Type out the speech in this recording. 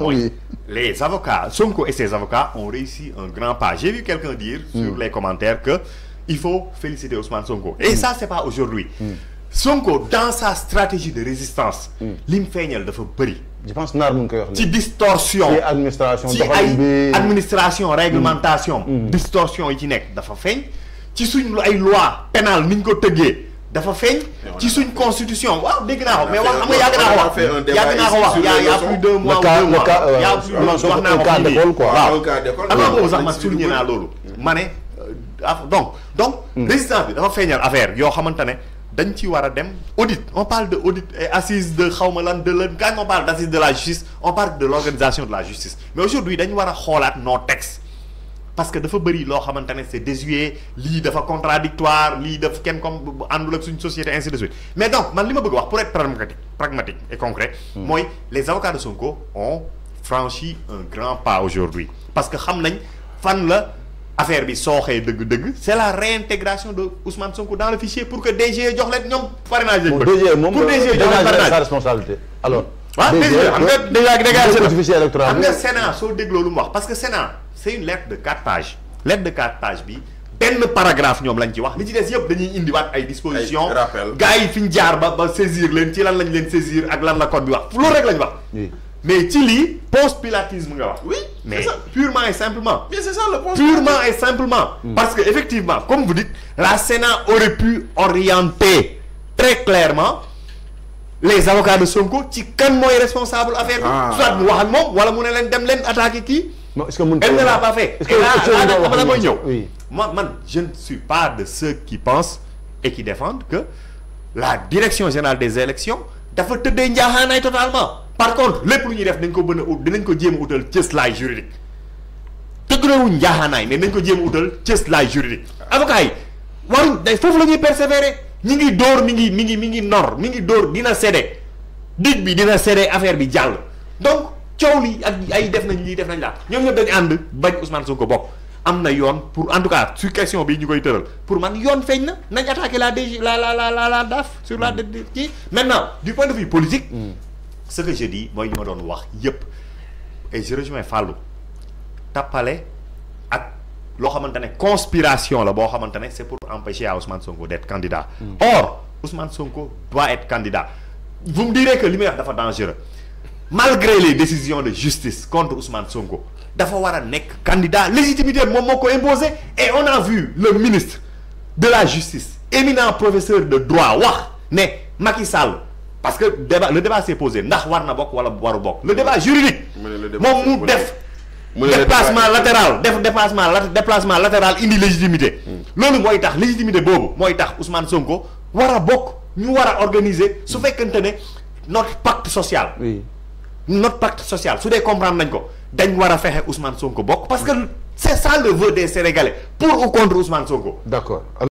Oui. Les avocats, Sonko et ses avocats ont réussi un grand pas. J'ai vu quelqu'un dire mm. sur les commentaires que il faut féliciter Ousmane Sonko. Et mm. ça, c'est pas aujourd'hui. Mm. Sonko, dans sa stratégie de résistance, il de bris. Je pense que c'est distorsion. C'est administration. C'est administration, réglementation. Distorsion, il y a une loi pénale, fait qui ci une constitution mais y a plus y a plus ah, mm. euh, donc mm. on parle de audit assise de on parle de la justice on parle de l'organisation de la justice mais aujourd'hui dañ nos textes parce que dafa c'est désuet li contradictoire li société ainsi de suite mais donc pour être pragmatique et concret hmm. les avocats de Sonko ont franchi un grand pas aujourd'hui parce que xam la affaire c'est la réintégration de Ousmane Sonko dans le fichier pour que DG jox ñom parrainage pour DG jox responsabilité alors Sénat parce que Sénat c'est une lettre de cartage. lettre de cartage, pages bi ben paragraphe nous lañ ci wax des dispositions gars il jaar ba saisir leen ci saisir ak la mais ci post-pilatisme oui mais purement et simplement mais c'est ça le purement et simplement mm. parce que effectivement comme vous dites la Sénat aurait pu orienter très clairement les avocats de Sonko qui sont responsables responsable affaire ah. soit mu wax wala mu ne leen attaquer qui elle ne l'a pas fait. je ne suis pas de ceux qui pensent et qui défendent que la direction générale des élections doit être totalement. par contre les premiers ñuy def dañ ko bën juridique. ut dinañ ko juridique mais dañ ko sont pas la juridique. avocat yi vous day persévérer ñi ngi mingi mi ngi mi ngi mi dina cédé bi dina affaire bi donc. coow li ak ay def nañ lii def nañ laa ñoom ñëpp dañu ànd bañ Ousmane Sonko bokk am na yoon pour en tout cas su question bi ñu koy tëral pour man yoon feeñ na nañ attaqué la DG la la la la la DAF sur la mm. DG kii maintenant du point de vue politique. Mm. ce que je dis mooy li ma doon wax yépp et je rejoins Fallou tappale ak loo xamante ne conspiration la boo xamante ne c'est pour empêcher à Ousmane Sonko d'être candidat. Mm. or Ousmane Sonko doit être candidat. vous me direz que li may wax dafa dangereux. malgré les décisions de justice contre Ousmane Sonko dafa war a candidat légitimité moom moo ko imposé et on a vu le ministre de la justice éminent professeur de droit wax ne Macky Sall parce que le débat s'est posé ndax wala waru le débat juridique mon mou def déplacement latéral def déplacement déplacement latéral indi légitimité hmm. loolu mooy tax légitimité bobo, mooy tax Ousmane Sonko wara a bokk ñu organiser su hmm. fekkante ne notre pacte social oui notre pacte social su dee comprendre nañ ko dañ war a fexe Ousmane Sonko bokk parce que c'est ça le vœu des Sénégalais pour ou contre Ousmane Sonko. D'accord.